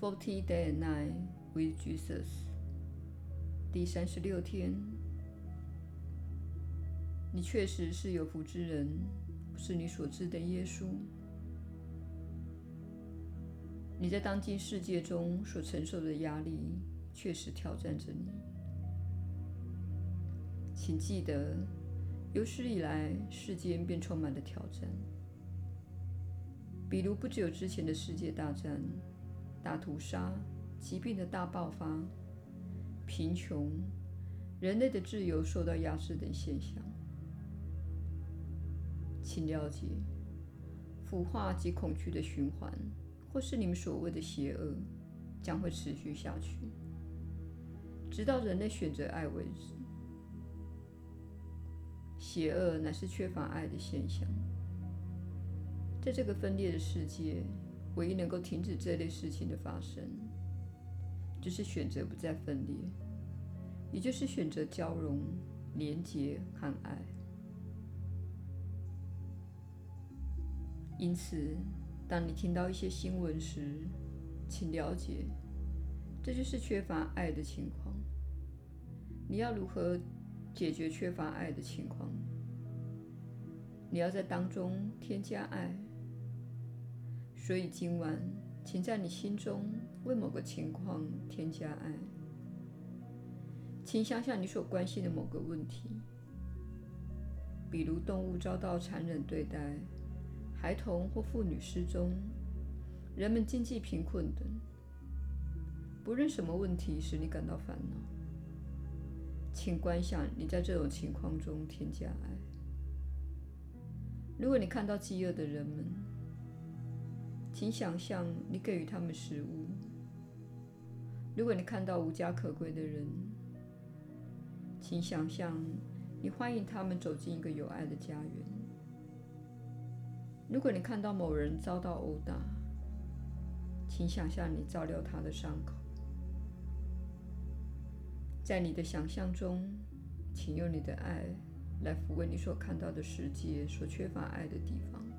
Forty Day and Night with Jesus。第三十六天，你確實是有福之人，是你所知的耶穌。你在當今世界中所承受的壓力，確實挑戰着你。請記得，有史以來，世間便充滿了挑戰，比如不久之前的世界大戰。大屠殺、疾病的大爆發、貧窮、人類的自由受到壓制等現象，請了解，腐化及恐懼的循環，或是你們所謂的邪惡，將會持續下去，直到人類選擇愛為止。邪惡乃是缺乏愛的現象，在這個分裂的世界。唯一能夠停止這類事情的發生，就是選擇不再分裂，也就是選擇交融、連結和愛。因此，當你聽到一些新聞時，請了解，這就是缺乏愛的情況。你要如何解決缺乏愛的情況？你要在當中添加愛。所以今晚，請在你心中為某個情況添加愛。請想想你所關心的某個問題，比如動物遭到殘忍對待、孩童或婦女失蹤、人們經濟貧困等。不論什麼問題使你感到煩惱，請觀想你在這種情況中添加愛。如果你看到飢餓的人們，請想象你給予他們食物。如果你看到無家可歸的人，請想象你歡迎他們走進一個有愛的家園。如果你看到某人遭到毆打，請想象你照料他的傷口。在你的想象中，請用你的愛來撫慰你所看到的世界所缺乏愛的地方。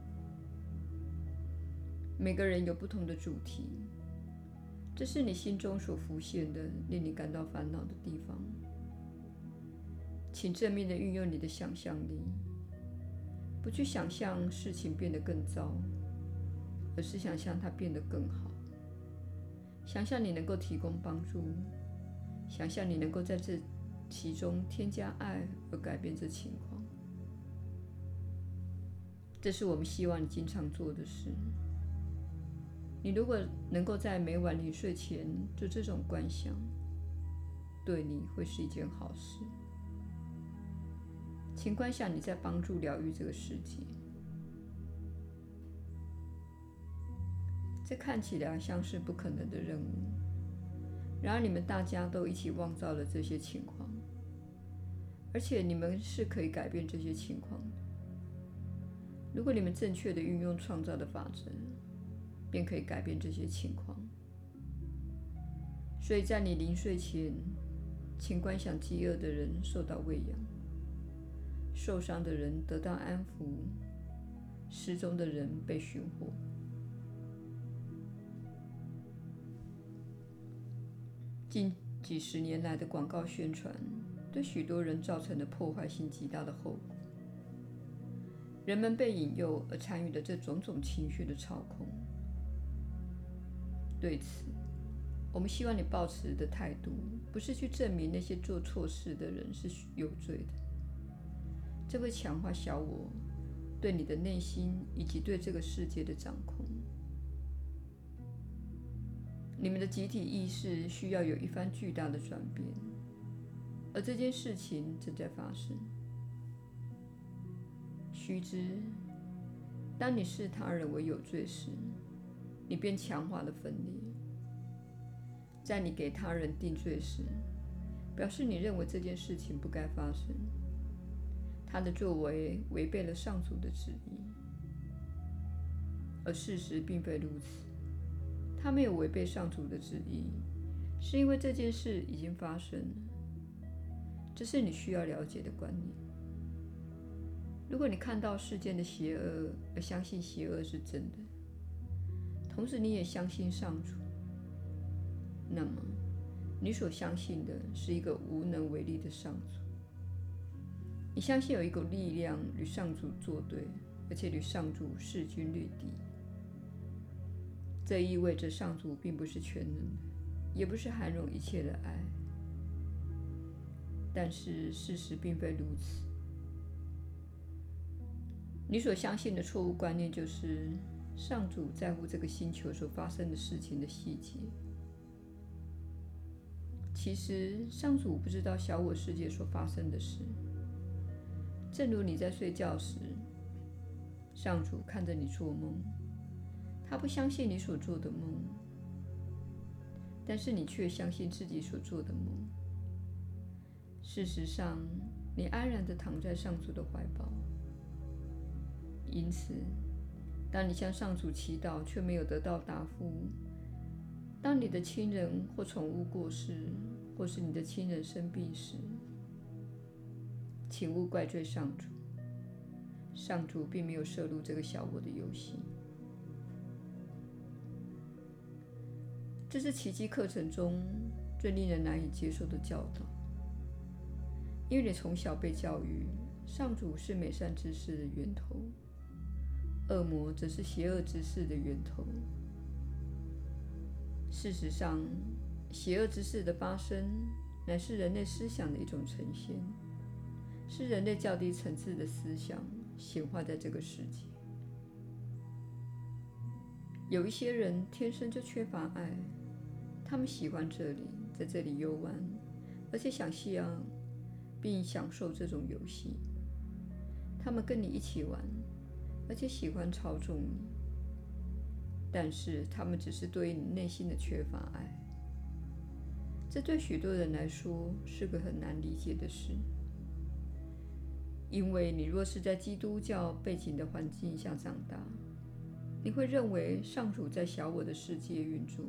每個人有不同的主題，這是你心中所浮現的，令你感到煩惱的地方。請正面地運用你的想象力，不去想象事情變得更糟，而是想象它變得更好。想象你能夠提供幫助，想象你能夠在這其中添加愛而改變這情況。這是我們希望你經常做的事。你如果能夠在每晚臨睡前做這種觀想，對你會是一件好事。請觀想，你在幫助療癒這個世界。這看起來像是不可能的任務，然而你們大家都一起妄造了這些情況，而且你們是可以改變這些情況的。如果你們正確地運用創造的法則，便可以改變這些情況。所以在你臨睡前，請觀想饑餓的人受到餵養，受傷的人得到安撫，失蹤的人被尋獲。近幾十年來的廣告宣傳，對許多人造成的破壞性極大的後果。人們被引誘而參與的這種種情緒的操控。對此，我們希望你抱持的態度，不是去證明那些做錯事的人是有罪的，這會強化小我對你的內心以及對這個世界的掌控。你們的集體意識需要有一番巨大的轉變，而這件事情正在發生。須知，當你視他人為有罪時，你便強化了分離。在你給他人定罪時，表示你認為這件事情不該發生，他的作為違背了上主的旨意，而事實並非如此。他沒有違背上主的旨意，是因為這件事已經發生了。這是你需要了解的觀念。如果你看到世間的邪惡而相信邪惡是真的，同時，你也相信上主。那麼，你所相信的是一個無能為力的上主。你相信有一股力量與上主作對，而且與上主勢均力敵。這意味着上主並不是全能，也不是涵容一切的愛。但是事實並非如此。你所相信的錯誤觀念就是，上主在乎這個星球所發生的事情的細節。其實，上主不知道小我世界所發生的事。正如你在睡覺時，上主看着你做夢，他不相信你所做的夢，但是你卻相信自己所做的夢。事實上，你安然地躺在上主的懷抱，因此。當你向上主祈禱卻沒有得到答復，當你的親人或寵物過世，或是你的親人生病時，請勿怪罪上主。上主並沒有涉入這個小我的遊戲。這是奇蹟課程中最令人難以接受的教導，因為你從小被教育，上主是美善之事的源頭。惡魔則是邪惡之事的源頭。事實上，邪惡之事的發生乃是人類思想的一種呈現，是人類較低層次的思想顯化在這個世界。有一些人天生就缺乏愛，他們喜歡這裡，在這裡遊玩，而且想戲啊，並享受這種遊戲。他們跟你一起玩。而且喜歡操縱你，但是他們只是對於你內心的缺乏愛。這對許多人來說是個很難理解的事，因為你若是在基督教背景的環境下長大，你會認為上主在小我的世界運作。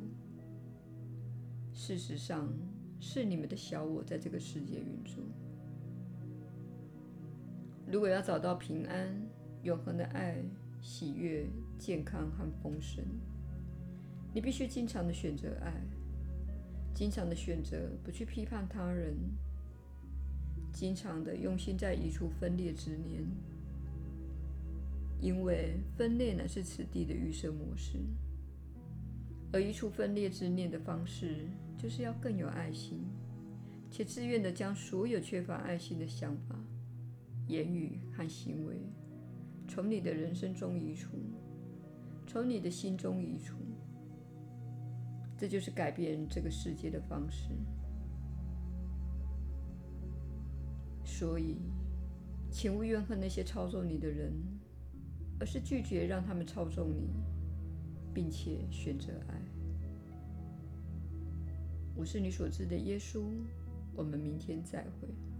事實上，是你們的小我在這個世界運作。如果要找到平安，永恆的愛、喜悅、健康和豐盛，你必須經常地選擇愛，經常地選擇不去批判他人，經常地用心在移除分裂之念，因為分裂乃是此地的預設模式。而移除分裂之念的方式，就是要更有愛心，且自願地將所有缺乏愛心的想法、言語和行為，從你的人生中移除，從你的心中移除，這就是改變這個世界的方式。所以，請勿怨恨那些操縱你的人，而是拒絕讓他們操縱你，並且選擇愛。我是你所知的耶穌。我們明天再會。